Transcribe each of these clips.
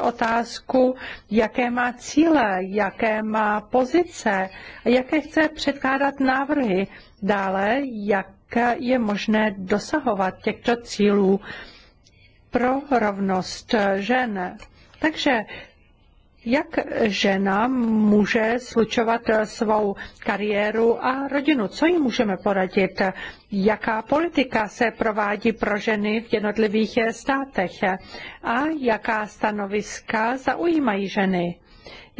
otázku, jaké má cíle, jaké má pozice, jaké chce předkládat návrhy. Dále, jak je možné dosahovat těchto cílů pro rovnost žen. Takže jak žena může slučovat svou kariéru a rodinu? Co jí můžeme poradit? Jaká politika se provádí pro ženy v jednotlivých státech? A jaká stanoviska zaujímají ženy?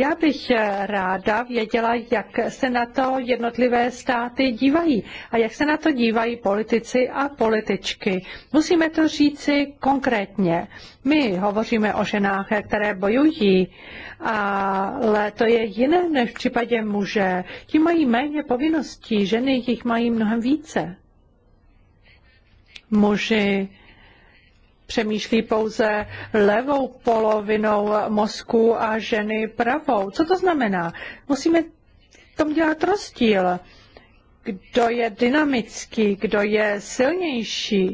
Já bych eh, ráda věděla, jak se na to jednotlivé státy dívají a jak se na to dívají politici a političky. Musíme to říci konkrétně. My hovoříme o ženách, které bojují, ale to je jiné než v případě muže. Ti mají méně povinností, ženy jich mají mnohem více. Muži přemýšlí pouze levou polovinou mozku a ženy pravou. Co to znamená? Musíme tom dělat rozdíl. Kdo je dynamický, kdo je silnější,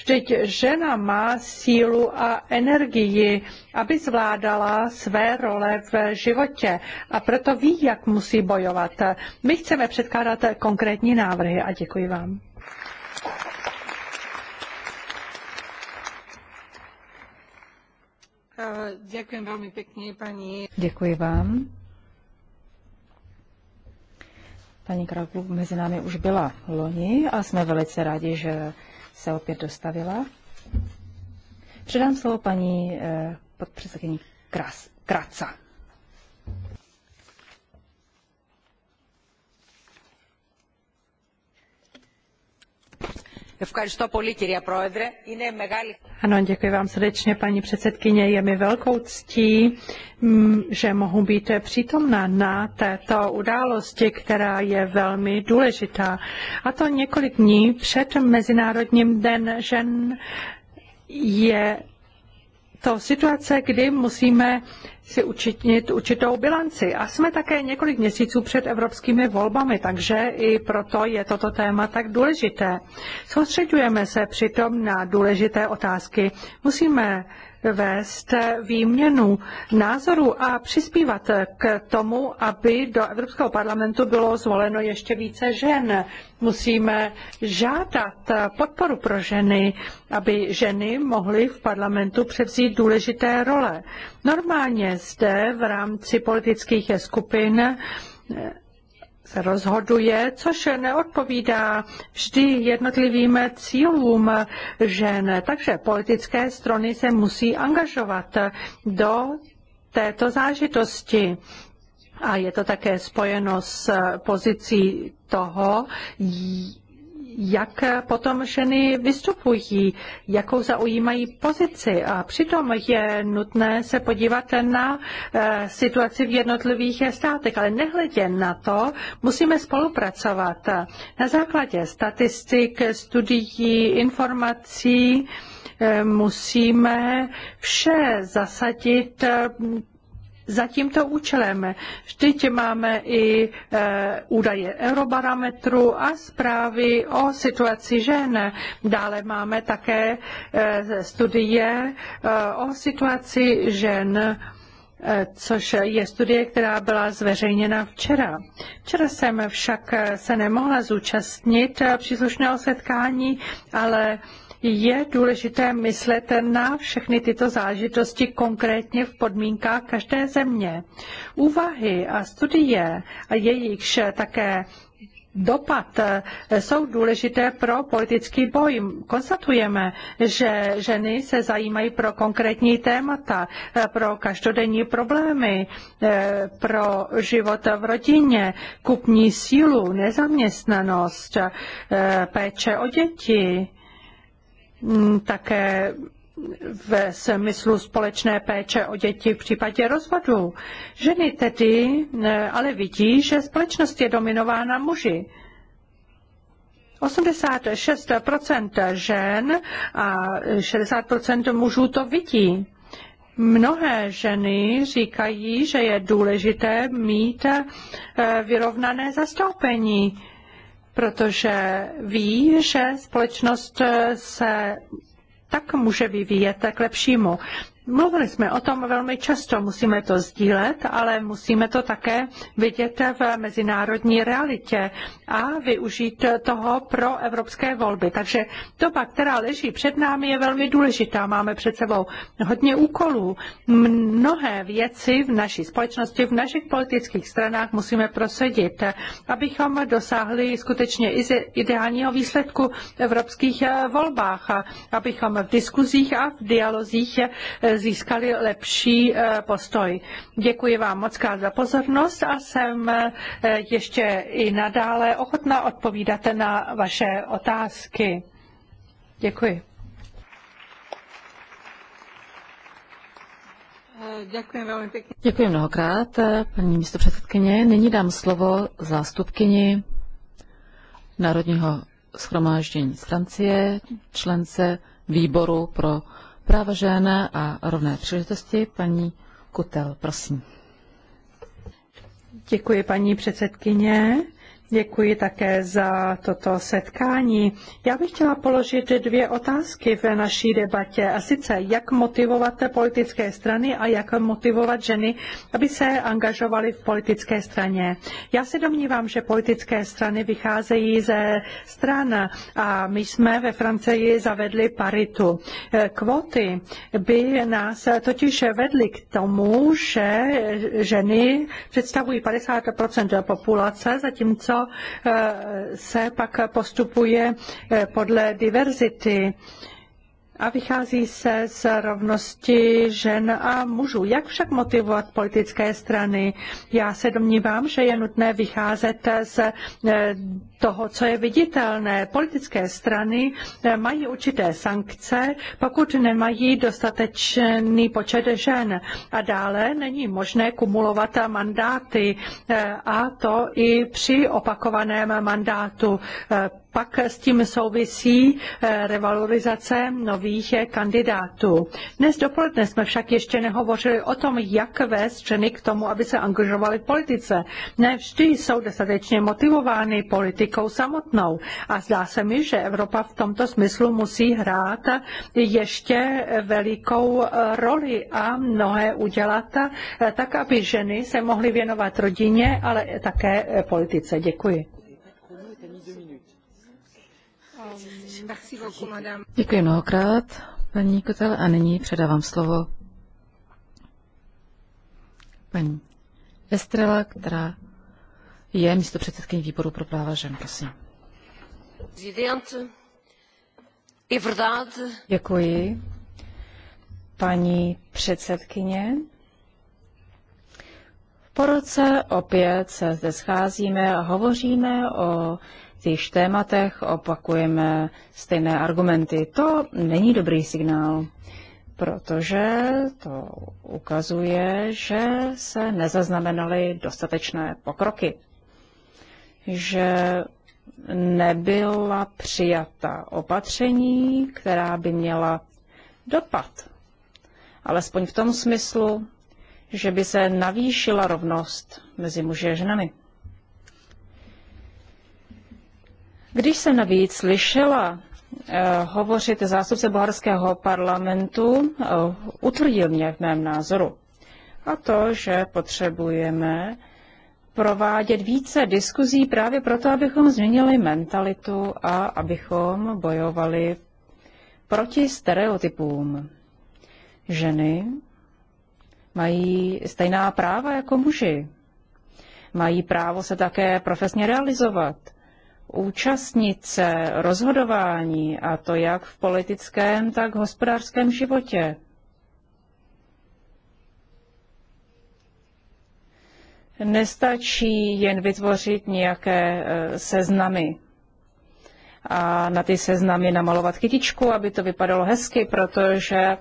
Vždyť žena má sílu a energii, aby zvládala své role v životě a proto ví, jak musí bojovat. My chceme předkládat konkrétní návrhy a děkuji vám. Děkuji velmi pěkně, paní. Děkuji vám. Paní Kraklub mezi námi už byla loni a jsme velice rádi, že se opět dostavila. Předám slovo paní eh, podpředsedkyni Kras, Kraca. Ano, děkuji vám srdečně, paní předsedkyně. Je mi velkou ctí, mm, že mohu být přítomna na této události, která je velmi důležitá. A to několik dní před Mezinárodním den žen je to situace, kdy musíme si učinit určitou bilanci. A jsme také několik měsíců před evropskými volbami, takže i proto je toto téma tak důležité. Soustředujeme se přitom na důležité otázky. Musíme vést výměnu názorů a přispívat k tomu, aby do Evropského parlamentu bylo zvoleno ještě více žen. Musíme žádat podporu pro ženy, aby ženy mohly v parlamentu převzít důležité role. Normálně zde v rámci politických skupin rozhoduje, což neodpovídá vždy jednotlivým cílům žen. Takže politické strany se musí angažovat do této zážitosti. A je to také spojeno s pozicí toho, jak potom ženy vystupují, jakou zaujímají pozici. A přitom je nutné se podívat na eh, situaci v jednotlivých státech, ale nehledě na to, musíme spolupracovat na základě statistik, studií, informací, eh, musíme vše zasadit eh, za tímto účelem. Vždyť máme i e, údaje Eurobarometru a zprávy o situaci žen. Dále máme také e, studie e, o situaci žen e, což je studie, která byla zveřejněna včera. Včera jsem však e, se nemohla zúčastnit e, příslušného setkání, ale je důležité myslet na všechny tyto záležitosti konkrétně v podmínkách každé země. Úvahy a studie a jejichž také dopad eh, jsou důležité pro politický boj. Konstatujeme, že ženy se zajímají pro konkrétní témata, eh, pro každodenní problémy, eh, pro život v rodině, kupní sílu, nezaměstnanost, péče o děti Mm, také ve smyslu společné péče o děti v případě rozvodu. Ženy tedy ale vidí, že společnost je dominována muži. 86 žen a 60 mužů to vidí. Mnohé ženy říkají, že je důležité mít eh, vyrovnané zastoupení protože ví, že společnost se tak může vyvíjet k lepšímu. Mluvili jsme o tom velmi často, musíme to sdílet, ale musíme to také vidět v mezinárodní realitě a využít toho pro evropské volby. Takže doba, která leží před námi, je velmi důležitá. Máme před sebou hodně úkolů. Mnohé věci v naší společnosti, v našich politických stranách musíme prosadit, abychom dosáhli skutečně ideálního výsledku v evropských volbách, abychom v diskuzích a v dialozích získali lepší eh, postoj. Děkuji vám moc za pozornost a jsem eh, ještě i nadále ochotná odpovídat na vaše otázky. Děkuji. Děkuji velmi pěkně. Děkuji mnohokrát, eh, paní místopředsedkyně. Nyní dám slovo zástupkyni Národního schromáždění z Francie, člence výboru pro práva žen a rovné příležitosti. Paní Kutel, prosím. Děkuji, paní předsedkyně. Děkuji také za toto setkání. Já bych chtěla položit dvě otázky v naší debatě. A sice, jak motivovat politické strany a jak motivovat ženy, aby se angažovaly v politické straně. Já se domnívám, že politické strany vycházejí ze stran a my jsme ve Francii zavedli paritu. kvoty. by nás totiž vedly k tomu, že ženy představují 50 populace, zatímco Eh, se pak postupuje eh, podle diverzity a vychází se z rovnosti žen a mužů. Jak však motivovat politické strany? Já se domnívám, že je nutné vycházet z eh, toho, co je viditelné. Politické strany eh, mají určité sankce, pokud nemají dostatečný počet žen. A dále není možné kumulovat mandáty eh, a to i při opakovaném mandátu pak s tím souvisí eh, revalorizace nových eh, kandidátů. Dnes dopoledne jsme však ještě nehovořili o tom, jak vést ženy k tomu, aby se angažovaly v politice. Ne vždy jsou dostatečně motivovány politikou samotnou a zdá se mi, že Evropa v tomto smyslu musí hrát ještě velikou eh, roli a mnohé udělat tak, aby ženy se mohly věnovat rodině, ale také politice. Děkuji. Děkuji mnohokrát, paní Kotel, a nyní předávám slovo paní Estrela, která je místo předsedkyní výboru pro práva žen. Prosím. Děkuji, paní předsedkyně. Po roce opět se zde scházíme a hovoříme o týž tématech opakujeme stejné argumenty. To není dobrý signál, protože to ukazuje, že se nezaznamenaly dostatečné pokroky, že nebyla přijata opatření, která by měla dopad. Alespoň v tom smyslu, že by se navýšila rovnost mezi muži a ženami. Když jsem navíc slyšela eh, hovořit zástupce bulharského parlamentu, eh, utvrdil mě v mém názoru. A to, že potřebujeme provádět více diskuzí právě proto, abychom změnili mentalitu a abychom bojovali proti stereotypům. Ženy mají stejná práva jako muži. Mají právo se také profesně realizovat – účastnit se rozhodování, a to jak v politickém, tak v hospodářském životě. Nestačí jen vytvořit nějaké e, seznamy a na ty seznamy namalovat kytičku, aby to vypadalo hezky, protože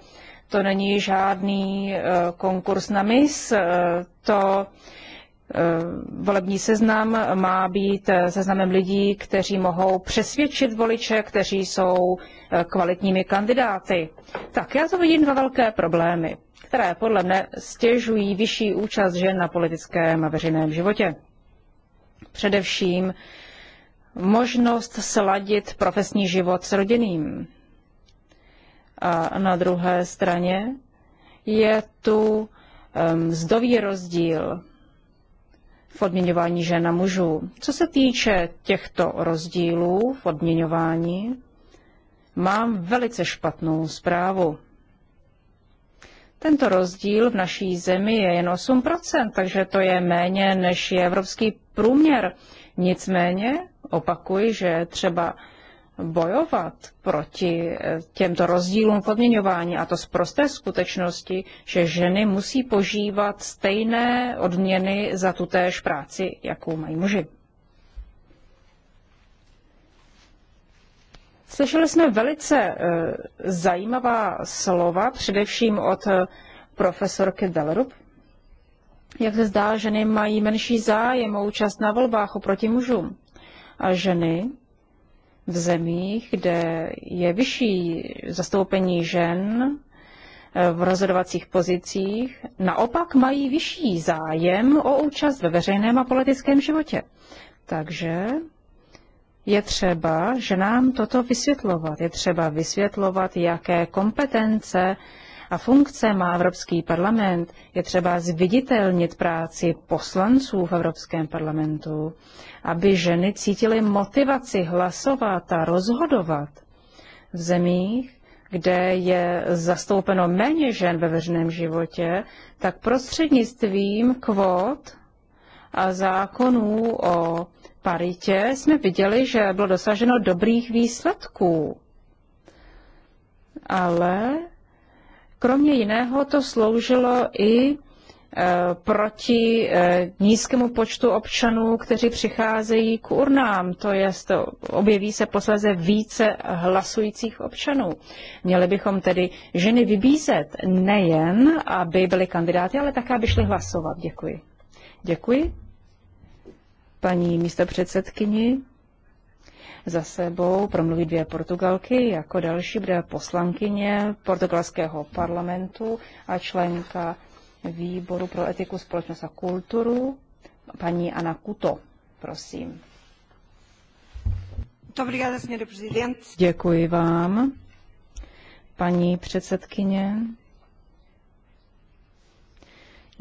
to není žádný e, konkurs na mis, e, to Eh, volební seznam má být eh, seznamem lidí, kteří mohou přesvědčit voliče, kteří jsou eh, kvalitními kandidáty. Tak já to vidím dva velké problémy, které podle mne stěžují vyšší účast žen na politickém a veřejném životě. Především možnost sladit profesní život s rodinným. A na druhé straně je tu mzdový ehm, rozdíl v odměňování žen a mužů. Co se týče těchto rozdílů v odměňování, mám velice špatnou zprávu. Tento rozdíl v naší zemi je jen 8%, takže to je méně než je evropský průměr. Nicméně opakuji, že třeba bojovat proti eh, těmto rozdílům v odměňování a to z prosté skutečnosti, že ženy musí požívat stejné odměny za tutéž práci, jakou mají muži. Slyšeli jsme velice eh, zajímavá slova, především od eh, profesorky Delrup. Jak se zdá, ženy mají menší zájem o účast na volbách oproti mužům. A ženy v zemích, kde je vyšší zastoupení žen eh, v rozhodovacích pozicích, naopak mají vyšší zájem o účast ve veřejném a politickém životě. Takže je třeba, že nám toto vysvětlovat. Je třeba vysvětlovat, jaké kompetence a funkce má Evropský parlament, je třeba zviditelnit práci poslanců v Evropském parlamentu, aby ženy cítily motivaci hlasovat a rozhodovat v zemích, kde je zastoupeno méně žen ve veřejném životě, tak prostřednictvím kvót a zákonů o paritě jsme viděli, že bylo dosaženo dobrých výsledků. Ale Kromě jiného to sloužilo i e, proti e, nízkému počtu občanů, kteří přicházejí k urnám, to je, objeví se posleze více hlasujících občanů. Měli bychom tedy ženy vybízet nejen, aby byly kandidáty, ale také, aby šly hlasovat. Děkuji. Děkuji. Paní místo předsedkyni za sebou promluví dvě Portugalky, jako další bude poslankyně portugalského parlamentu a členka výboru pro etiku, společnost a kulturu, paní Ana Kuto. Prosím. Děkuji vám, paní předsedkyně.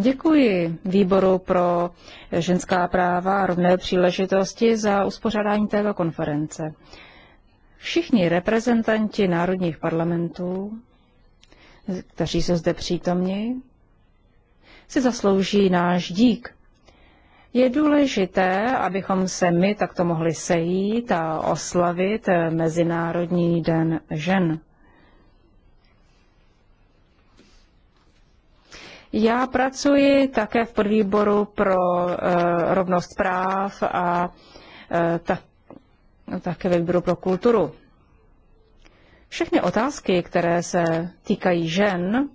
Děkuji Výboru pro ženská práva a rovné příležitosti za uspořádání této konference. Všichni reprezentanti národních parlamentů, kteří jsou zde přítomni, si zaslouží náš dík. Je důležité, abychom se my takto mohli sejít a oslavit Mezinárodní den žen. Já pracuji také v podvýboru pro uh, rovnost práv a uh, eh, tak, no, také ve výboru pro kulturu. Všechny otázky, které se týkají žen,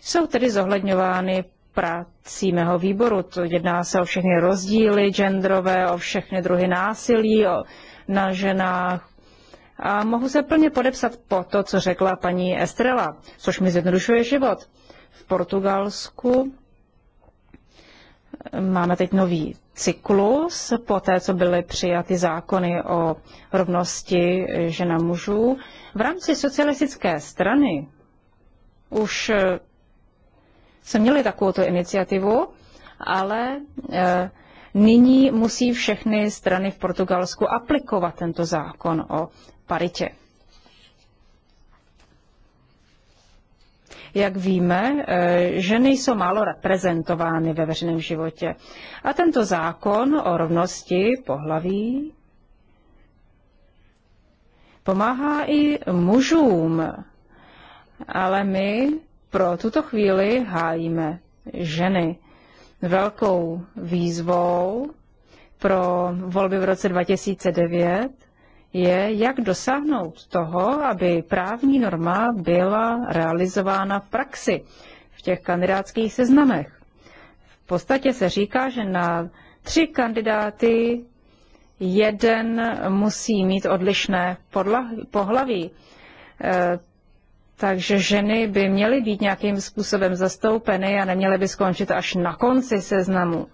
jsou tedy zohledňovány prací mého výboru. To jedná se o všechny rozdíly genderové, o všechny druhy násilí o, na ženách. A mohu se plně podepsat po to, co řekla paní Estrela, což mi zjednodušuje život v Portugalsku. Máme teď nový cyklus, po té, co byly přijaty zákony o rovnosti žena mužů. V rámci socialistické strany už eh, se měli takovou iniciativu, ale eh, nyní musí všechny strany v Portugalsku aplikovat tento zákon o paritě. Jak víme, eh, ženy jsou málo reprezentovány ve veřejném životě. A tento zákon o rovnosti pohlaví pomáhá i mužům. Ale my pro tuto chvíli hájíme ženy. Velkou výzvou pro volby v roce 2009 je, jak dosáhnout toho, aby právní norma byla realizována v praxi v těch kandidátských seznamech. V podstatě se říká, že na tři kandidáty jeden musí mít odlišné pohlaví. E, takže ženy by měly být nějakým způsobem zastoupeny a neměly by skončit až na konci seznamu.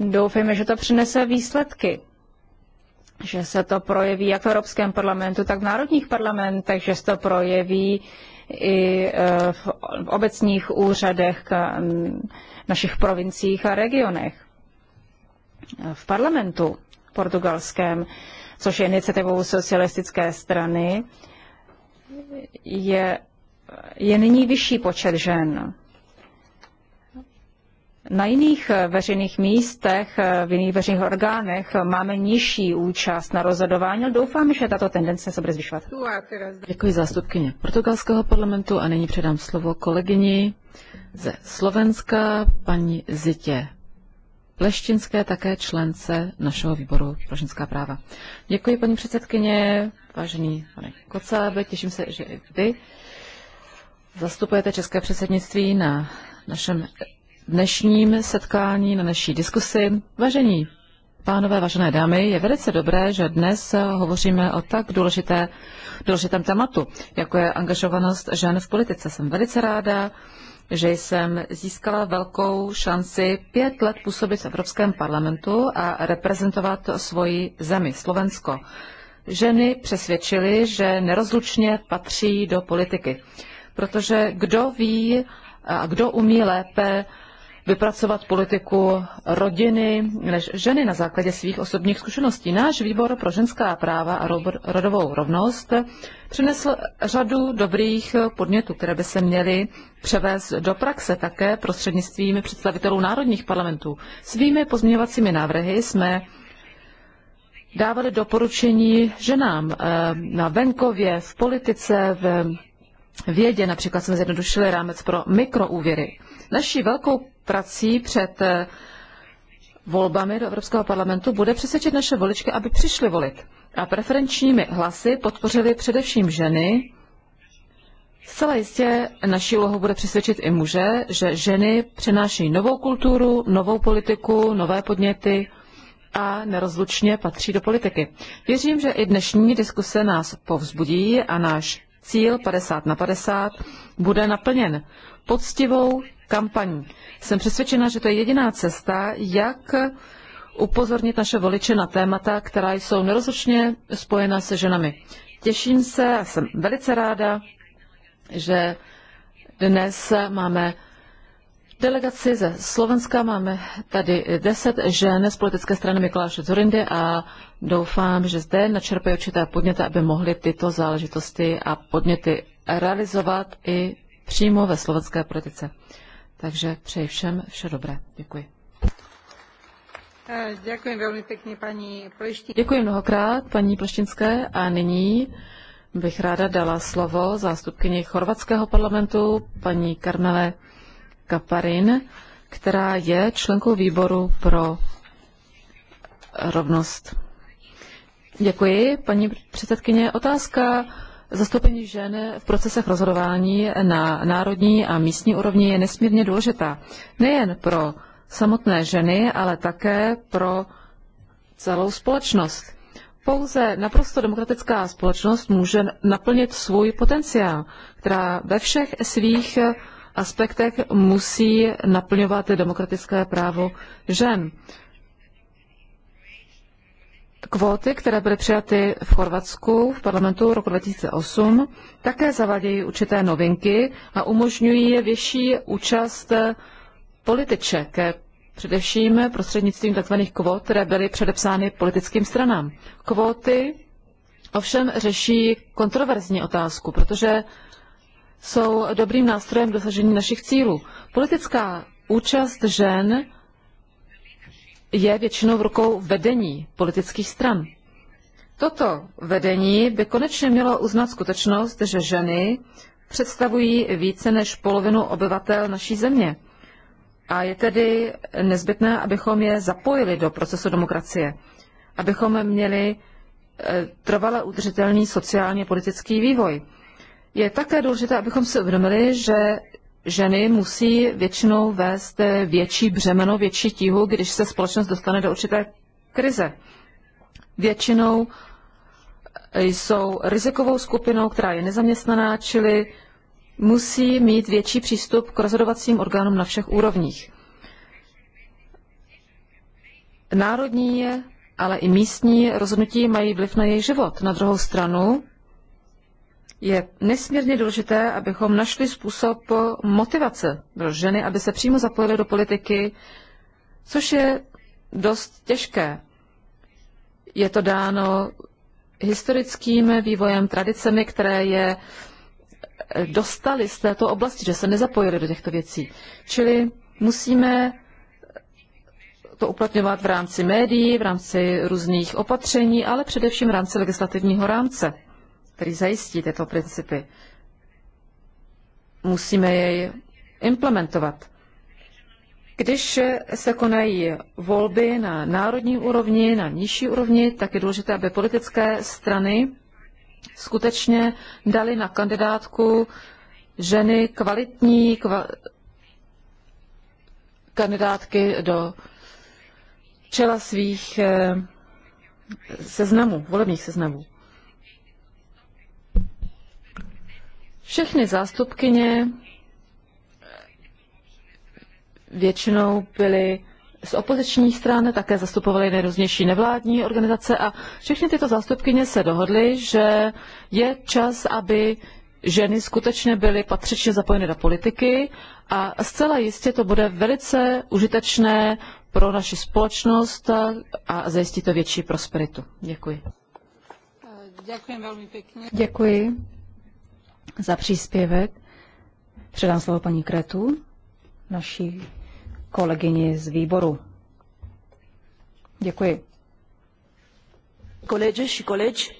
Doufejme, že to přinese výsledky že se to projeví jak v Evropském parlamentu, tak v národních parlamentech, že se to projeví i e, v obecních úřadech našich provinciích a regionech. V parlamentu portugalském, což je iniciativou socialistické strany, je, je nyní vyšší počet žen. Na jiných eh, veřejných místech, eh, v jiných veřejných orgánech eh, máme nižší účast na rozhodování, ale doufám, že tato tendence se bude zvyšovat. Děkuji zástupkyně portugalského parlamentu a nyní předám slovo kolegyni ze Slovenska, paní Zitě Pleštinské, také člence našeho výboru pro ženská práva. Děkuji, paní předsedkyně, vážený pane Kocábe, těším se, že i vy zastupujete české předsednictví na našem dnešním setkání, na naší diskusi. Vážení pánové, vážené dámy, je velice dobré, že dnes hovoříme o tak důležité, důležitém tématu, jako je angažovanost žen v politice. Jsem velice ráda, že jsem získala velkou šanci pět let působit v Evropském parlamentu a reprezentovat svoji zemi, Slovensko. Ženy přesvědčily, že nerozlučně patří do politiky, protože kdo ví a kdo umí lépe vypracovat politiku rodiny než ženy na základě svých osobních zkušeností. Náš výbor pro ženská práva a rodovou rovnost přinesl řadu dobrých podnětů, které by se měly převést do praxe také prostřednictvím představitelů národních parlamentů. Svými pozměňovacími návrhy jsme dávali doporučení ženám eh, na venkově, v politice, v vědě. Například jsme zjednodušili rámec pro mikroúvěry. Naší velkou prací před eh, volbami do Evropského parlamentu bude přesvědčit naše voličky, aby přišli volit. A preferenčními hlasy podpořili především ženy. Zcela jistě naší úlohou bude přesvědčit i muže, že ženy přináší novou kulturu, novou politiku, nové podněty a nerozlučně patří do politiky. Věřím, že i dnešní diskuse nás povzbudí a náš cíl 50 na 50 bude naplněn poctivou kampaní. Jsem přesvědčena, že to je jediná cesta, jak upozornit naše voliče na témata, která jsou nerozlučně spojená se ženami. Těším se a jsem velice ráda, že dnes máme delegaci ze Slovenska. Máme tady deset žen z politické strany Mikuláše Zorindy a doufám, že zde načerpají určité podněty, aby mohly tyto záležitosti a podněty realizovat i přímo ve slovenské politice. Takže přeji všem vše dobré. Děkuji. Eh, děkuji velmi pěkně paní Pleštinské. Děkuji mnohokrát paní Pleštinské a nyní bych ráda dala slovo zástupkyni chorvatského parlamentu paní Karmele Kaparin, která je členkou výboru pro rovnost. Děkuji, paní předsedkyně. Otázka zastoupení žen v procesech rozhodování na národní a místní úrovni je nesmírně důležitá. Nejen pro samotné ženy, ale také pro celou společnost. Pouze naprosto demokratická společnost může naplnit svůj potenciál, která ve všech svých aspektech musí naplňovat demokratické právo žen. Kvóty, které byly přijaty v Chorvatsku v parlamentu roku 2008, také zavádějí určité novinky a umožňují větší účast političek, především prostřednictvím tzv. kvót, které byly předepsány politickým stranám. Kvóty ovšem řeší kontroverzní otázku, protože jsou dobrým nástrojem k dosažení našich cílů. Politická účast žen je většinou v rukou vedení politických stran. Toto vedení by konečně mělo uznat skutečnost, že ženy představují více než polovinu obyvatel naší země. A je tedy nezbytné, abychom je zapojili do procesu demokracie, abychom měli eh, trvale udržitelný sociálně politický vývoj. Je také důležité, abychom si uvědomili, že ženy musí většinou vést větší břemeno, větší tíhu, když se společnost dostane do určité krize. Většinou jsou rizikovou skupinou, která je nezaměstnaná, čili musí mít větší přístup k rozhodovacím orgánům na všech úrovních. Národní, ale i místní rozhodnutí mají vliv na jejich život. Na druhou stranu je nesmírně důležité, abychom našli způsob motivace pro ženy, aby se přímo zapojily do politiky, což je dost těžké. Je to dáno historickým vývojem, tradicemi, které je eh, dostali z této oblasti, že se nezapojili do těchto věcí. Čili musíme eh, to uplatňovat v rámci médií, v rámci různých opatření, ale především v rámci legislativního rámce který zajistí tyto principy. Musíme jej implementovat. Když se konají volby na národní úrovni, na nižší úrovni, tak je důležité, aby politické strany skutečně dali na kandidátku ženy kvalitní kva- kandidátky do čela svých eh, seznamů, volebních seznamů. Všechny zástupkyně většinou byly z opozičních stran, také zastupovaly nejrůznější nevládní organizace a všechny tyto zástupkyně se dohodly, že je čas, aby ženy skutečně byly patřičně zapojeny do politiky a zcela jistě to bude velice užitečné pro naši společnost a zajistí to větší prosperitu. Děkuji. Děkuji velmi pěkně. Děkuji za příspěvek. Předám slovo paní Kretu, naší kolegyni z výboru. Děkuji. Kolege și colegi,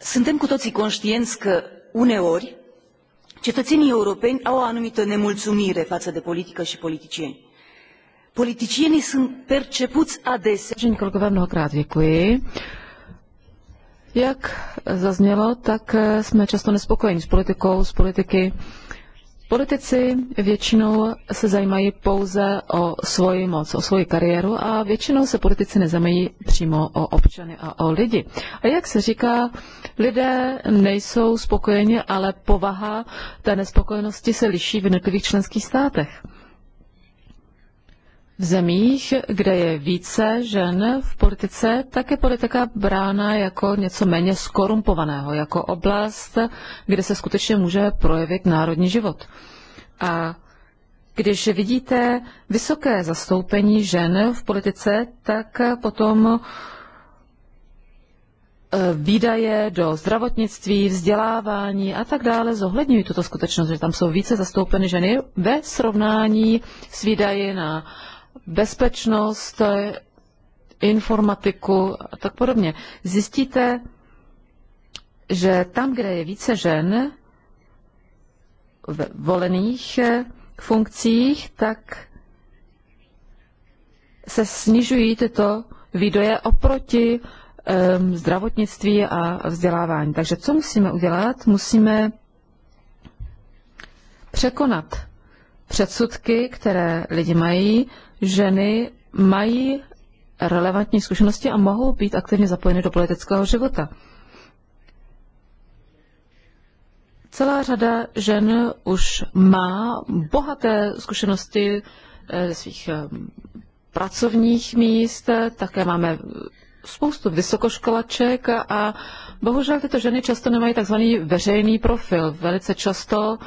suntem cu toții conștienți că uneori cetățenii europeni au o anumită nemulțumire față de politică și politicieni. Politicienii sunt percepuți adesea. Kolegové, mnohokrát děkuji. Jak zaznělo, tak eh, jsme často nespokojeni s politikou, s politiky. Politici většinou se zajímají pouze o svoji moc, o svoji kariéru a většinou se politici nezajímají přímo o občany a o lidi. A jak se říká, lidé nejsou spokojeni, ale povaha té nespokojenosti se liší v jednotlivých členských státech v zemích, kde je více žen v politice, tak je politika brána jako něco méně skorumpovaného, jako oblast, kde se skutečně může projevit národní život. A když vidíte vysoké zastoupení žen v politice, tak potom eh, výdaje do zdravotnictví, vzdělávání a tak dále zohledňují tuto skutečnost, že tam jsou více zastoupeny ženy ve srovnání s výdaji na bezpečnost, eh, informatiku a tak podobně. Zjistíte, že tam, kde je více žen v volených eh, funkcích, tak se snižují tyto výdoje oproti um, zdravotnictví a vzdělávání. Takže co musíme udělat? Musíme překonat předsudky, které lidi mají, ženy mají relevantní zkušenosti a mohou být aktivně zapojeny do politického života. Celá řada žen už má bohaté zkušenosti eh, ze svých eh, pracovních míst, také máme spoustu vysokoškolaček a bohužel tyto ženy často nemají takzvaný veřejný profil. Velice často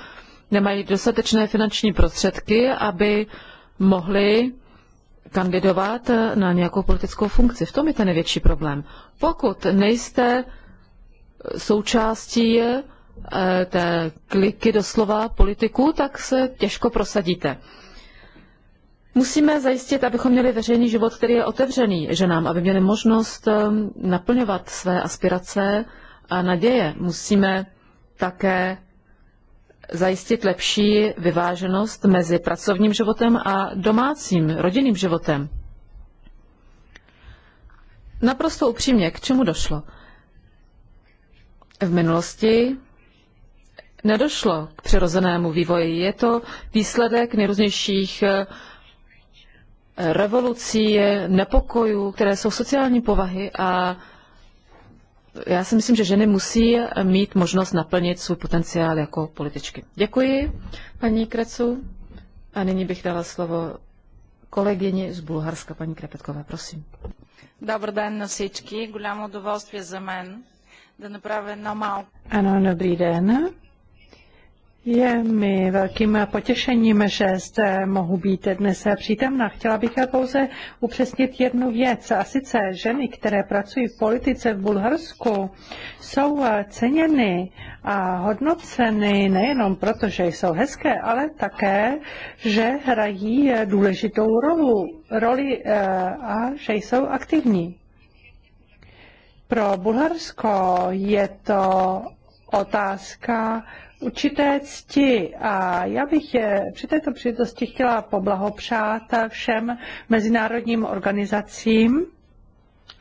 nemají dostatečné finanční prostředky, aby mohly kandidovat eh, na nějakou politickou funkci. V tom je ten největší problém. Pokud nejste eh, součástí eh, té kliky doslova politiků, tak se těžko prosadíte. Musíme zajistit, abychom měli veřejný život, který je otevřený ženám, aby měli možnost naplňovat své aspirace a naděje. Musíme také zajistit lepší vyváženost mezi pracovním životem a domácím, rodinným životem. Naprosto upřímně, k čemu došlo? V minulosti nedošlo k přirozenému vývoji. Je to výsledek nejrůznějších eh, revolucí, nepokojů, které jsou sociální povahy a já si myslím, že ženy musí mít možnost naplnit svůj potenciál jako političky. Děkuji, paní Krecu. A nyní bych dala slovo kolegyni z Bulharska, paní Krepetkové, prosím. Dobrý den, na всички. Голямо удоволствие за мен да направя Ano, dobrý den. Je mi velkým potěšením, že zde mohu být dnes přítomna. Chtěla bych pouze upřesnit jednu věc, a sice ženy, které pracují v politice v Bulharsku, jsou ceněny a hodnoceny nejenom proto, že jsou hezké, ale také, že hrají důležitou rolu, roli eh, a že jsou aktivní. Pro Bulharsko je to otázka určité cti. A já bych je při této příležitosti chtěla poblahopřát všem mezinárodním organizacím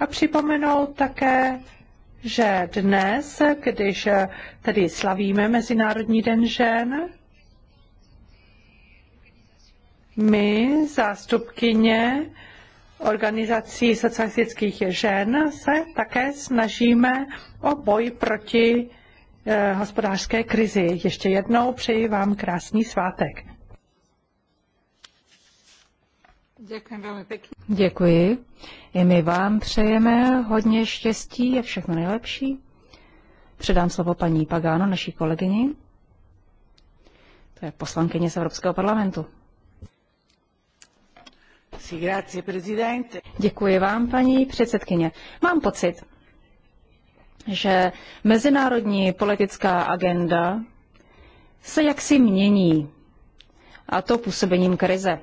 a připomenout také že dnes, když tedy slavíme Mezinárodní den žen, my, zástupkyně organizací socialistických žen, se také snažíme o boj proti Eh, hospodářské krizi. Ještě jednou přeji vám krásný svátek. Děkuji velmi pěkně. Děkuji. I my vám přejeme hodně štěstí a všechno nejlepší. Předám slovo paní Pagáno, naší kolegyni. To je poslankyně z Evropského parlamentu. Děkuji vám, paní předsedkyně. Mám pocit, že mezinárodní politická agenda se jaksi mění, a to působením krize.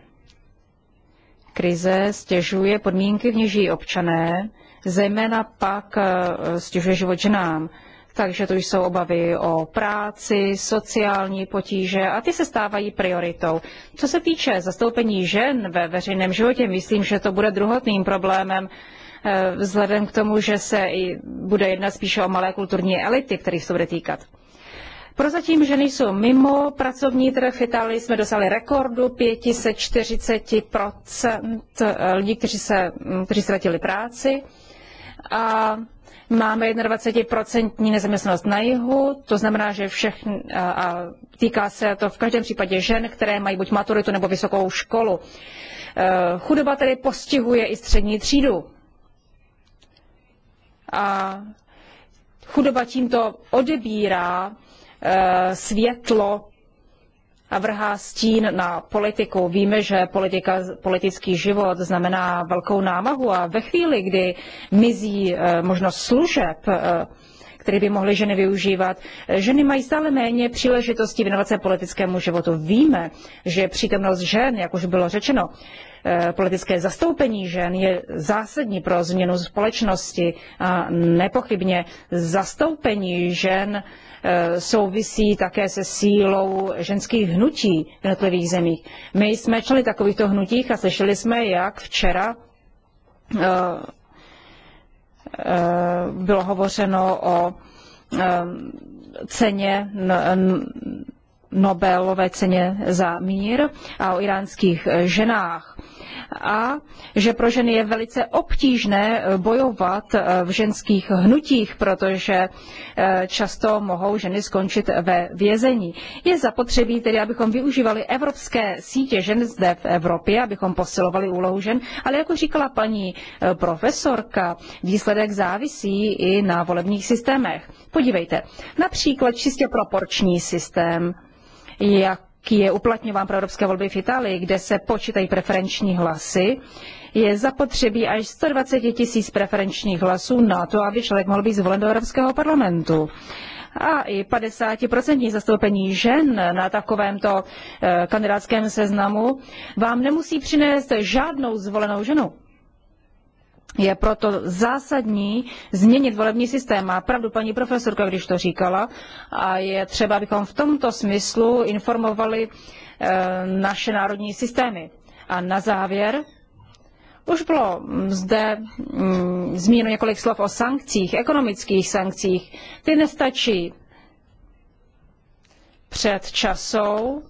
Krize stěžuje podmínky, v níž žijí občané, zejména pak eh, stěžuje život ženám. Takže tu jsou obavy o práci, sociální potíže a ty se stávají prioritou. Co se týče zastoupení žen ve veřejném životě, myslím, že to bude druhotným problémem, Eh, vzhledem k tomu, že se i bude jednat spíše o malé kulturní elity, kterých se to bude týkat. Prozatím ženy jsou mimo pracovní trh. V Itálii jsme dosáhli rekordu 540% eh, lidí, kteří, se, mm, kteří ztratili práci. A máme 21% nezaměstnanost na jihu, to znamená, že všech a týká se to v každém případě žen, které mají buď maturitu nebo vysokou školu. Eh, chudoba tedy postihuje i střední třídu a chudoba tímto odebírá eh, světlo a vrhá stín na politiku. Víme, že politika, politický život znamená velkou námahu a ve chvíli, kdy mizí eh, možnost služeb, eh, které by mohly ženy využívat. Ženy mají stále méně příležitosti věnovat se politickému životu. Víme, že přítomnost žen, jak už bylo řečeno, eh, politické zastoupení žen je zásadní pro změnu společnosti a nepochybně zastoupení žen eh, souvisí také se sílou ženských hnutí v jednotlivých zemích. My jsme členy takovýchto hnutích a slyšeli jsme, jak včera eh, Eh, bylo hovořeno o eh, ceně, Nobelové ceně za mír a o iránských ženách a že pro ženy je velice obtížné eh, bojovat eh, v ženských hnutích, protože eh, často mohou ženy skončit ve vězení. Je zapotřebí tedy, abychom využívali evropské sítě žen zde v Evropě, abychom posilovali úlohu žen, ale jako říkala paní profesorka, výsledek závisí i na volebních systémech. Podívejte, například čistě proporční systém, jak je uplatňován pro evropské volby v Itálii, kde se počítají preferenční hlasy, je zapotřebí až 120 tisíc preferenčních hlasů na to, aby člověk mohl být zvolen do Evropského parlamentu. A i 50% zastoupení žen na takovémto eh, kandidátském seznamu vám nemusí přinést žádnou zvolenou ženu. Je proto zásadní změnit volební systém. Má pravdu paní profesorka, když to říkala. A je třeba, abychom v tomto smyslu informovali e, naše národní systémy. A na závěr, už bylo mm, zde mm, zmíněno několik slov o sankcích, ekonomických sankcích. Ty nestačí. Před časou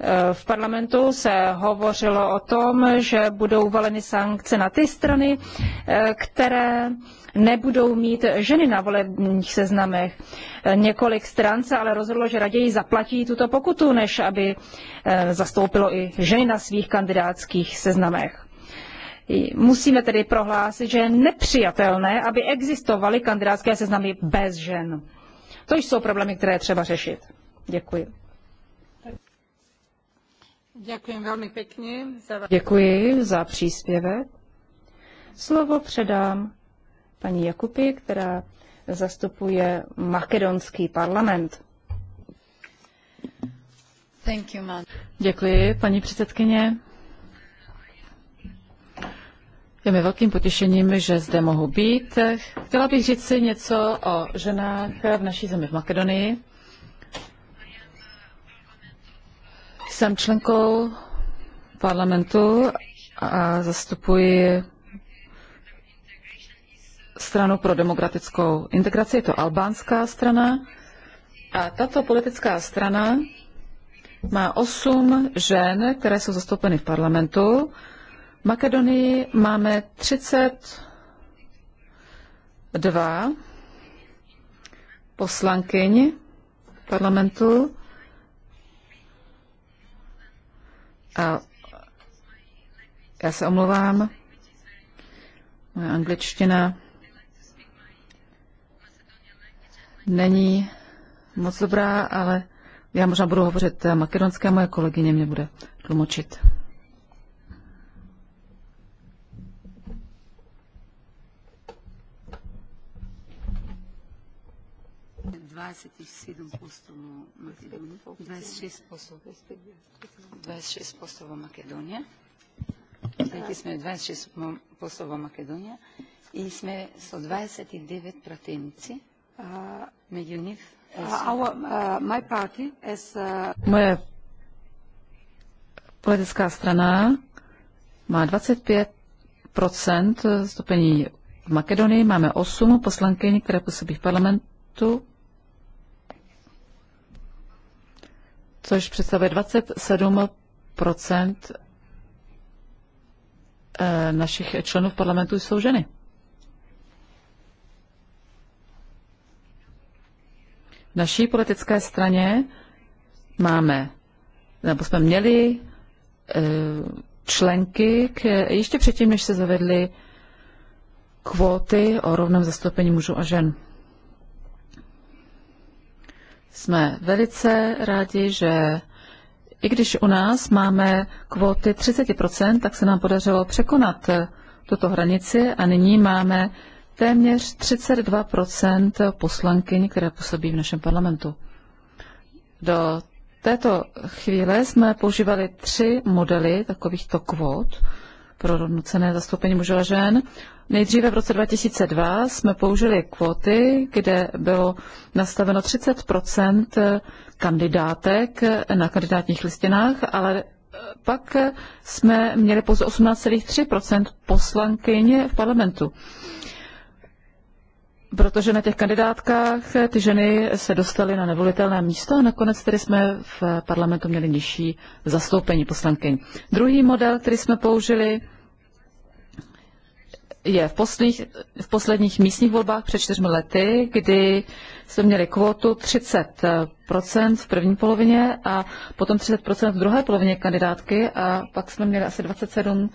Eh, v parlamentu se hovořilo o tom, že budou uvaleny sankce na ty strany, eh, které nebudou mít ženy na volebních seznamech. Eh, několik stran se ale rozhodlo, že raději zaplatí tuto pokutu, než aby zastoupilo i ženy na svých kandidátských seznamech. Musíme tedy prohlásit, že je nepřijatelné, aby existovaly kandidátské seznamy bez žen. To jsou problémy, které třeba řešit. Děkuji. Děkuji Za... příspěvek. Slovo předám paní Jakupy, která zastupuje makedonský parlament. Thank you, Děkuji, paní předsedkyně. Je mi velkým potěšením, že zde mohu být. Chtěla bych říct si něco o ženách v naší zemi v Makedonii. Jsem členkou parlamentu a zastupuji stranu pro demokratickou integraci, je to albánská strana. A tato politická strana má osm žen, které jsou zastoupeny v parlamentu. V Makedonii máme 32 poslankyň parlamentu A já se omlouvám, moje angličtina není moc dobrá, ale já možná budu hovořit makedonské. moje kolegyně mě bude tlumočit. 27% 26% 26% Makedonije. 26% Makedonija i sme 129 protivnici, a među njih uh, uh, Moje politická strana má 25 stupení v Makedonii, máme 8 poslankyň, které působí v parlamentu což představuje 27 eh, našich členů v parlamentu jsou ženy. V naší politické straně máme, nebo jsme měli eh, členky k, ještě předtím, než se zavedly kvóty o rovném zastoupení mužů a žen jsme velice rádi, že i když u nás máme kvóty 30%, tak se nám podařilo překonat tuto hranici a nyní máme téměř 32% poslankyň, které působí v našem parlamentu. Do této chvíle jsme používali tři modely takovýchto kvót pro rovnocené zastoupení mužů a žen. Nejdříve v roce 2002 jsme použili kvóty, kde bylo nastaveno 30 kandidátek na kandidátních listinách, ale pak jsme měli pouze 18,3 poslankyně v parlamentu protože na těch kandidátkách eh, ty ženy se dostaly na nevolitelné místo a nakonec tedy jsme v parlamentu měli nižší zastoupení poslankyň. Druhý model, který jsme použili, je v posledních, v posledních místních volbách před čtyřmi lety, kdy jsme měli kvotu 30% v první polovině a potom 30% v druhé polovině kandidátky a pak jsme měli asi 27%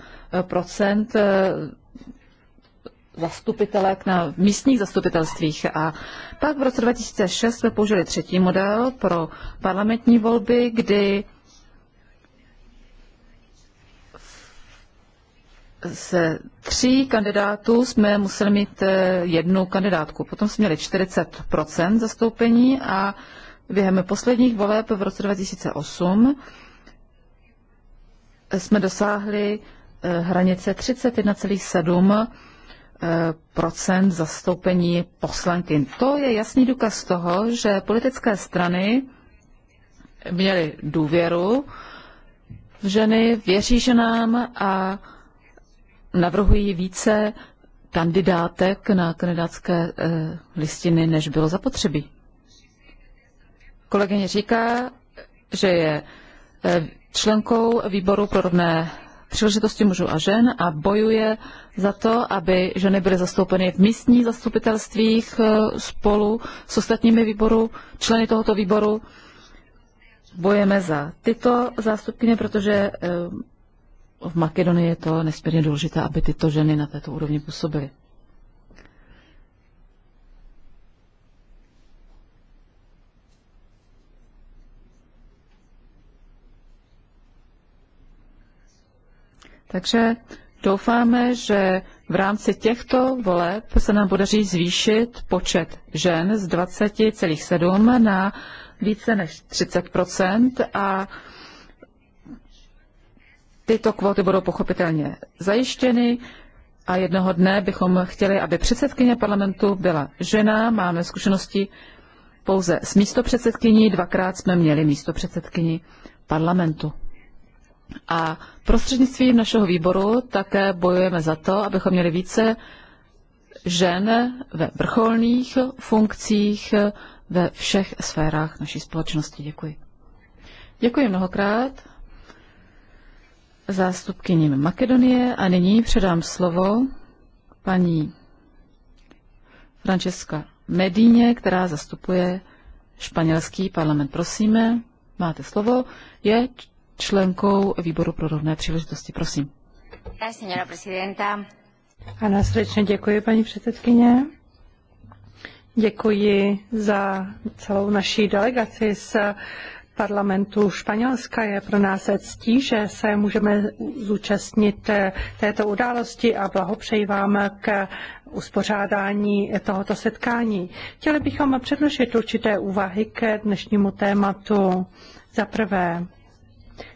zastupitelek na místních zastupitelstvích. A pak v roce 2006 jsme použili třetí model pro parlamentní volby, kdy se tří kandidátů jsme museli mít eh, jednu kandidátku. Potom jsme měli 40% zastoupení a během posledních voleb v roce 2008 jsme dosáhli eh, hranice 31,7 procent zastoupení poslanky. To je jasný důkaz toho, že politické strany měly důvěru v ženy, věří ženám a navrhují více kandidátek na kandidátské eh, listiny, než bylo zapotřebí. Kolegyně říká, že je eh, členkou výboru pro rovné příležitosti mužů a žen a bojuje za to, aby ženy byly zastoupeny v místních zastupitelstvích eh, spolu s ostatními výboru, členy tohoto výboru. Bojeme za tyto zástupkyně, protože eh, v Makedonii je to nesmírně důležité, aby tyto ženy na této úrovni působily. Takže doufáme, že v rámci těchto voleb se nám podaří zvýšit počet žen z 20,7 na více než 30 a tyto kvóty budou pochopitelně zajištěny a jednoho dne bychom chtěli, aby předsedkyně parlamentu byla žena. Máme zkušenosti pouze s místopředsedkyní, dvakrát jsme měli místopředsedkyni parlamentu. A prostřednictvím našeho výboru také bojujeme za to, abychom měli více žen ve vrcholných funkcích ve všech sférách naší společnosti. Děkuji. Děkuji mnohokrát zástupkyním Makedonie a nyní předám slovo paní Francesca Medíně, která zastupuje španělský parlament. Prosíme, máte slovo. Je členkou výboru pro rovné příležitosti. Prosím. Ano, srdečně děkuji, paní předsedkyně. Děkuji za celou naší delegaci z parlamentu Španělska. Je pro nás ctí, že se můžeme zúčastnit této události a blahopřeji vám k uspořádání tohoto setkání. Chtěli bychom předložit určité úvahy k dnešnímu tématu. Za prvé,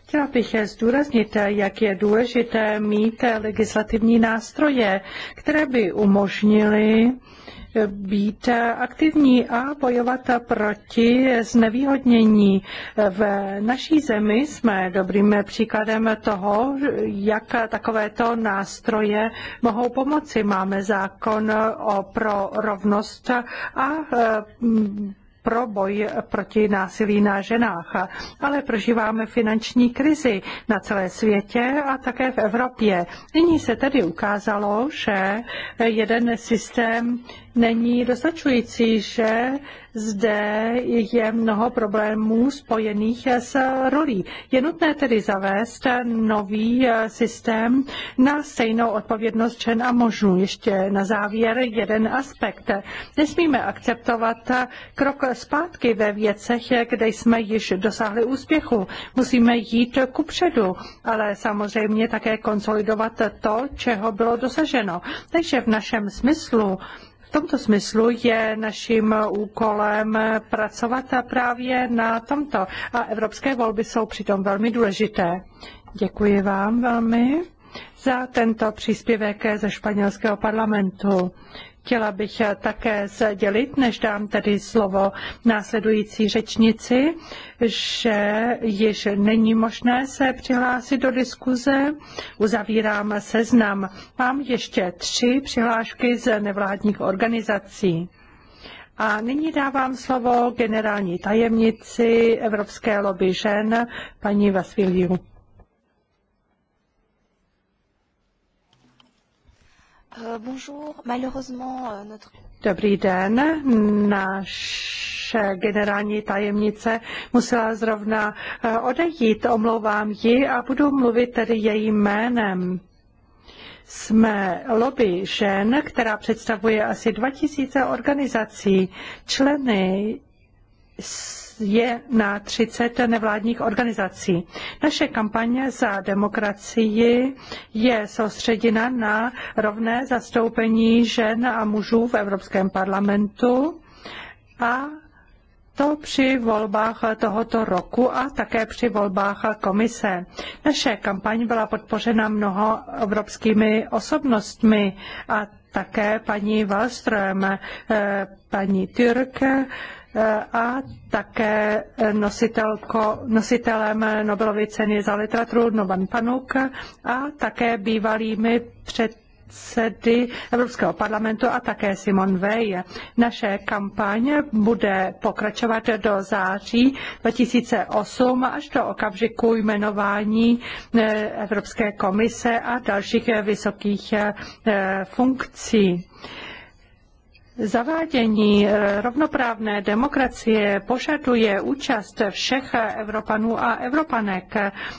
Chtěla bych zdůraznit, jak je důležité mít legislativní nástroje, které by umožnily být aktivní a bojovat proti znevýhodnění. V naší zemi jsme dobrým příkladem toho, jak takovéto nástroje mohou pomoci. Máme zákon o pro rovnost a pro boj proti násilí na ženách, ale prožíváme finanční krizi na celé světě a také v Evropě. Nyní se tedy ukázalo, že jeden systém není dostačující, že zde je mnoho problémů spojených s rolí. Je nutné tedy zavést nový eh, systém na stejnou odpovědnost žen a mužů. Ještě na závěr jeden aspekt. Nesmíme akceptovat krok zpátky ve věcech, kde jsme již dosáhli úspěchu. Musíme jít ku předu, ale samozřejmě také konsolidovat to, čeho bylo dosaženo. Takže v našem smyslu v tomto smyslu je naším úkolem pracovat právě na tomto. A evropské volby jsou přitom velmi důležité. Děkuji vám velmi za tento příspěvek ze španělského parlamentu. Chtěla bych eh, také sdělit, než dám tedy slovo následující řečnici, že již není možné se přihlásit do diskuze. Uzavírám seznam. Mám ještě tři přihlášky z nevládních organizací. A nyní dávám slovo generální tajemnici Evropské lobby žen, paní Vasiliu. Euh, euh, Dobrý den, naše generální tajemnice musela zrovna eh, odejít, omlouvám ji a budu mluvit tedy jejím jménem. Jsme lobby žen, která představuje asi 2000 organizací, členy je na 30 nevládních organizací. Naše kampaně za demokracii je soustředěna na rovné zastoupení žen a mužů v Evropském parlamentu a to při volbách tohoto roku a také při volbách komise. Naše kampaň byla podpořena mnoho evropskými osobnostmi a také paní Wallström, eh, paní Türk, E, a také e, nositelko, nositelem Nobelovy ceny za literaturu Novan Panuk a také bývalými před předsedy Evropského parlamentu a také Simon Weil. Naše kampaň bude pokračovat do září 2008 až do okamžiku jmenování e, Evropské komise a dalších vysokých funkcí. Zavádění eh, rovnoprávné demokracie požaduje účast všech Evropanů a Evropanek.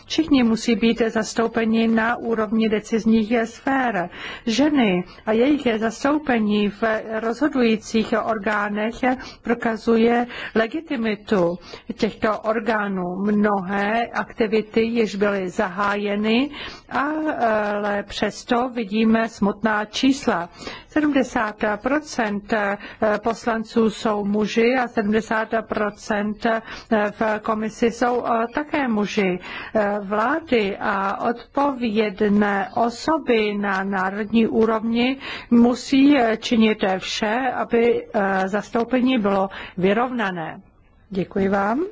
Všichni musí být zastoupeni na úrovni decizních sfér. Ženy a jejich zastoupení v rozhodujících orgánech prokazuje legitimitu těchto orgánů. Mnohé aktivity již byly zahájeny, ale přesto vidíme smutná čísla. 70 Eh, poslanců jsou muži a 70 eh, v komisi jsou eh, také muži. Vlády a odpovědné osoby na národní úrovni musí činit vše, aby zastoupení bylo vyrovnané. Děkuji vám.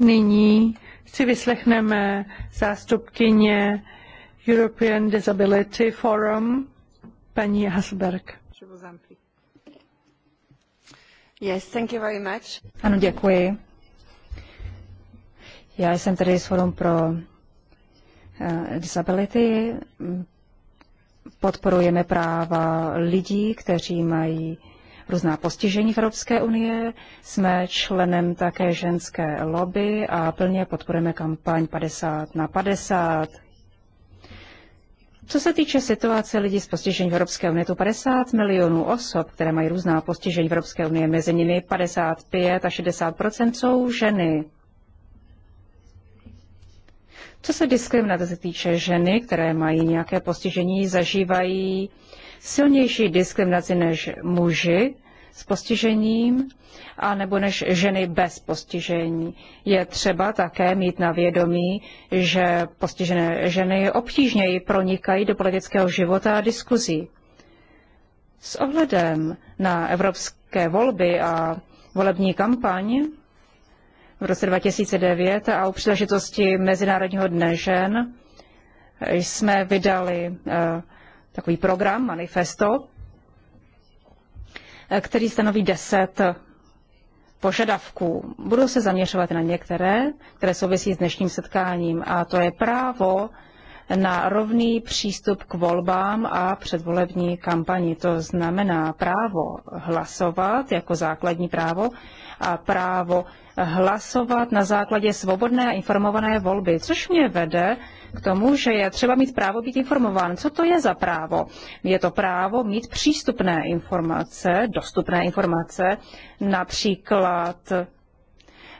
Nyní si vyslechneme zástupkyně European Disability Forum paní Hasberg. Yes, thank you very much. Ano, děkuji. Já jsem tady z Forum pro eh, disability. Podporujeme práva lidí, kteří mají různá postižení v Evropské unie. Jsme členem také ženské lobby a plně podporujeme kampaň 50 na 50 co se týče situace lidí s postižením v Evropské unii, to 50 milionů osob, které mají různá postižení v Evropské unii, mezi nimi 55 a 60 jsou ženy. Co se diskriminace týče ženy, které mají nějaké postižení, zažívají silnější diskriminaci než muži, s postižením, nebo než ženy bez postižení. Je třeba také mít na vědomí, že postižené ženy obtížněji pronikají do politického života a diskuzí. S ohledem na evropské volby a volební kampaň v roce 2009 a u příležitosti Mezinárodního dne žen jsme vydali eh, takový program, manifesto, který stanoví deset požadavků. Budu se zaměřovat na některé, které souvisí s dnešním setkáním, a to je právo na rovný přístup k volbám a předvolební kampani. To znamená právo hlasovat jako základní právo a právo hlasovat na základě svobodné a informované volby, což mě vede k tomu, že je třeba mít právo být informován. Co to je za právo? Je to právo mít přístupné informace, dostupné informace, například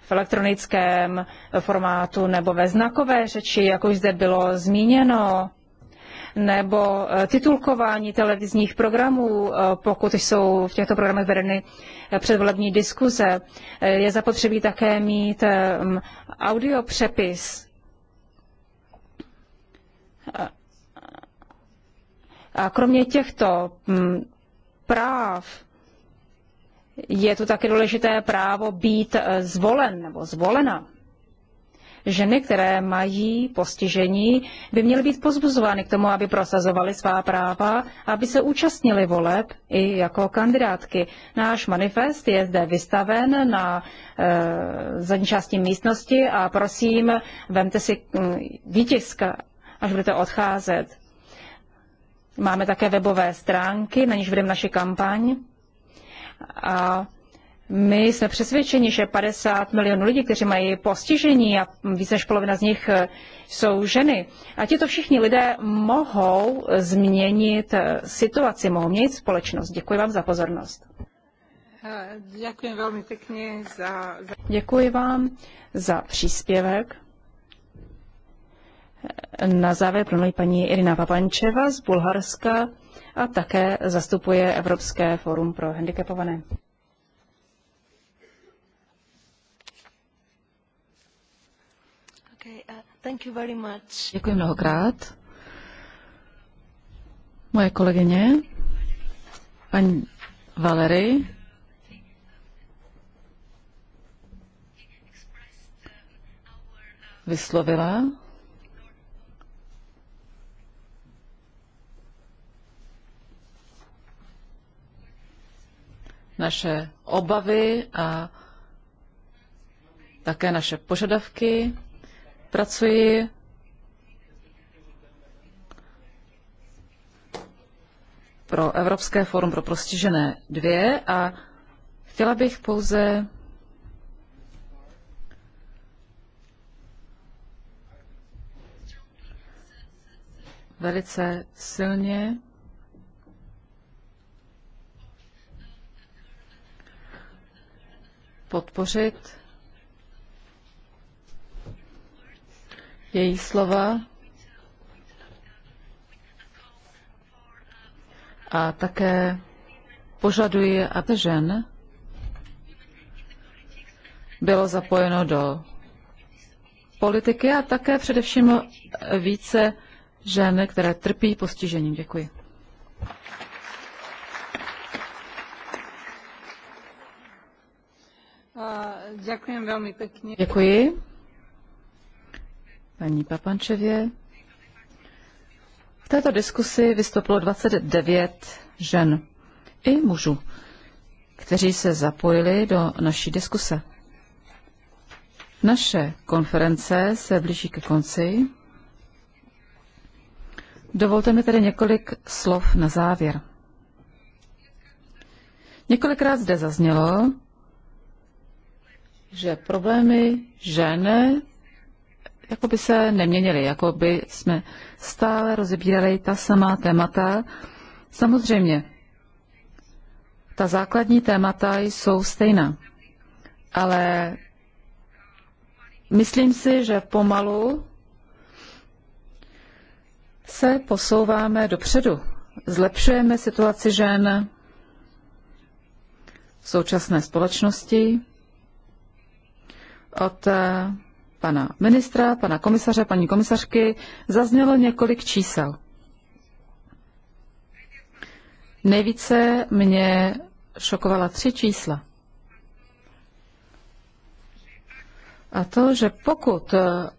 v elektronickém formátu nebo ve znakové řeči, jak už zde bylo zmíněno, nebo eh, titulkování televizních programů, eh, pokud jsou v těchto programech vedeny eh, předvolební diskuze. Je zapotřebí také mít audio přepis a kromě těchto mm, práv je tu také důležité právo být eh, zvolen nebo zvolena. Ženy, které mají postižení, by měly být pozbuzovány k tomu, aby prosazovaly svá práva, aby se účastnili voleb i jako kandidátky. Náš manifest je zde vystaven na e, zadní části místnosti a prosím, vemte si mm, výtisk až budete odcházet. Máme také webové stránky, na níž vedeme naši kampaň. A my jsme přesvědčeni, že 50 milionů lidí, kteří mají postižení a více než polovina z nich eh, jsou ženy. A tito všichni lidé mohou změnit eh, situaci, mohou měnit společnost. Děkuji vám za pozornost. Eh, děkuji velmi pěkně za... Děkuji vám za příspěvek. Na závěr promluví paní Irina Papančeva z Bulharska a také zastupuje Evropské fórum pro handicapované. Uh, Děkuji mnohokrát. Moje kolegyně, paní Valery, vyslovila naše obavy a také naše požadavky. Pracuji pro Evropské fórum pro prostižené dvě a chtěla bych pouze velice silně podpořit její slova a také požaduji, aby žen bylo zapojeno do politiky a také především více žen, které trpí postižením. Děkuji. Děkuji velmi pěkně. Děkuji. Paní Papančevě. V této diskusi vystoupilo 29 žen i mužů, kteří se zapojili do naší diskuse. Naše konference se blíží ke konci. Dovolte mi tedy několik slov na závěr. Několikrát zde zaznělo, že problémy žen eh, jako by se neměnily, jako by jsme stále rozebírali ta samá témata. Samozřejmě, ta základní témata jsou stejná, ale myslím si, že pomalu se posouváme dopředu. Zlepšujeme situaci žen v současné společnosti, od eh, pana ministra, pana komisaře, paní komisařky zaznělo několik čísel. Nejvíce mě šokovala tři čísla. A to, že pokud eh,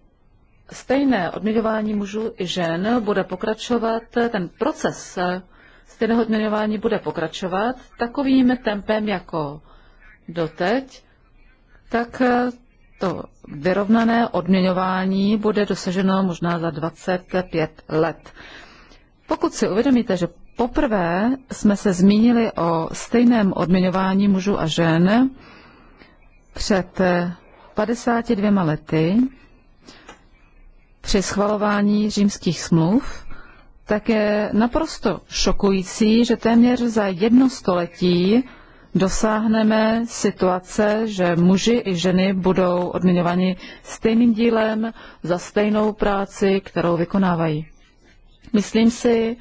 stejné odměňování mužů i žen bude pokračovat, eh, ten proces stejného odměňování bude pokračovat takovým tempem jako doteď, tak to vyrovnané odměňování bude dosaženo možná za 25 let. Pokud si uvědomíte, že poprvé jsme se zmínili o stejném odměňování mužů a žen před 52 lety při schvalování římských smluv, tak je naprosto šokující, že téměř za jedno století dosáhneme situace, že muži i ženy budou odměňováni stejným dílem za stejnou práci, kterou vykonávají. Myslím si,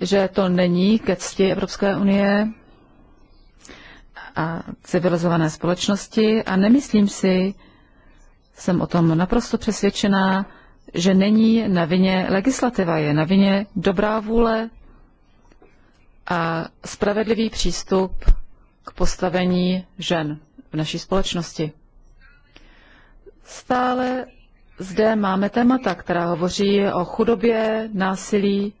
že to není ke cti Evropské unie a civilizované společnosti a nemyslím si, jsem o tom naprosto přesvědčená, že není na vině legislativa, je na vině dobrá vůle a spravedlivý přístup k postavení žen v naší společnosti. Stále zde máme témata, která hovoří o chudobě, násilí,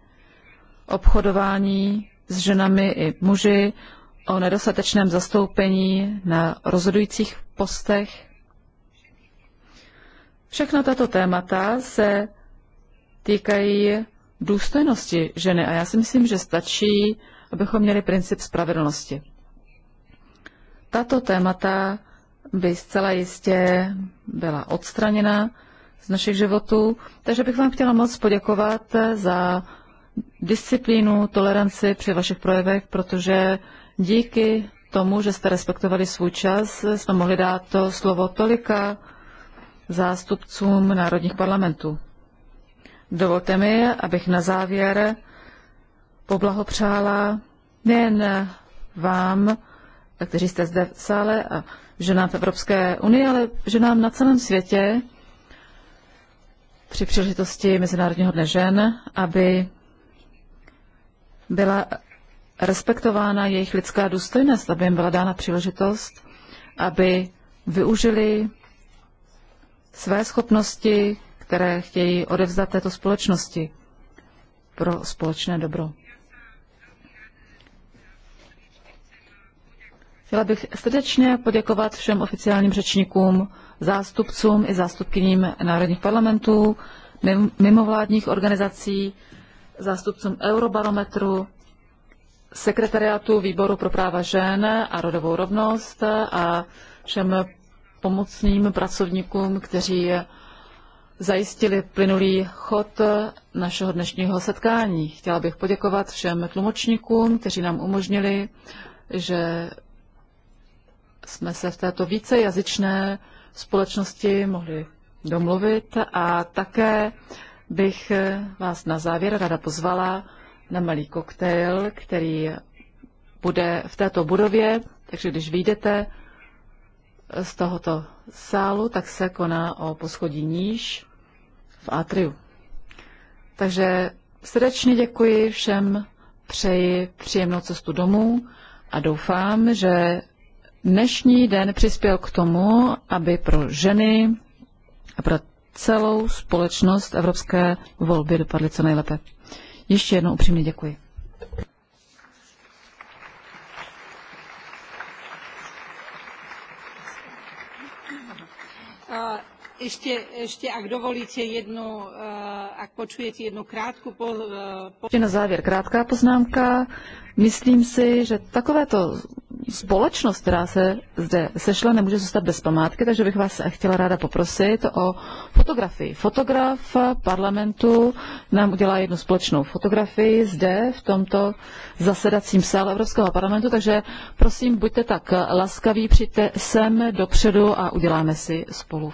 obchodování s ženami i muži, o nedostatečném zastoupení na rozhodujících postech. Všechna tato témata se týkají důstojnosti ženy a já si myslím, že stačí abychom měli princip spravedlnosti. Tato témata by zcela jistě byla odstraněna z našich životů, takže bych vám chtěla moc poděkovat za disciplínu, toleranci při vašich projevech, protože díky tomu, že jste respektovali svůj čas, jsme mohli dát to slovo tolika zástupcům národních parlamentů. Dovolte mi, abych na závěr poblahopřála nejen vám, kteří jste zde v sále a ženám v Evropské unii, ale ženám na celém světě při příležitosti Mezinárodního dne žen, aby byla respektována jejich lidská důstojnost, aby jim byla dána příležitost, aby využili své schopnosti, které chtějí odevzdat této společnosti pro společné dobro. Chtěla bych srdečně poděkovat všem oficiálním řečníkům, zástupcům i zástupkyním národních parlamentů, mimovládních organizací, zástupcům Eurobarometru, sekretariátu Výboru pro práva žen a rodovou rovnost a všem pomocným pracovníkům, kteří zajistili plynulý chod našeho dnešního setkání. Chtěla bych poděkovat všem tlumočníkům, kteří nám umožnili, že jsme se v této vícejazyčné společnosti mohli domluvit a také bych vás na závěr rada pozvala na malý koktejl, který bude v této budově, takže když vyjdete z tohoto sálu, tak se koná o poschodí níž v atriu. Takže srdečně děkuji všem, přeji příjemnou cestu domů a doufám, že dnešní den přispěl k tomu, aby pro ženy a pro celou společnost evropské volby dopadly co nejlépe. Ještě jednou upřímně děkuji. Uh, ešte, ešte, ak dovolíte jednu, eh, ak počujete jednu krátku... Po, eh, po... Na závěr krátká poznámka. Myslím si, že takovéto společnost, která se zde sešla, nemůže zůstat bez památky, takže bych vás chtěla ráda poprosit o fotografii. Fotograf parlamentu nám udělá jednu společnou fotografii zde v tomto zasedacím sále Evropského parlamentu, takže prosím, buďte tak laskaví, přijďte sem dopředu a uděláme si spolu.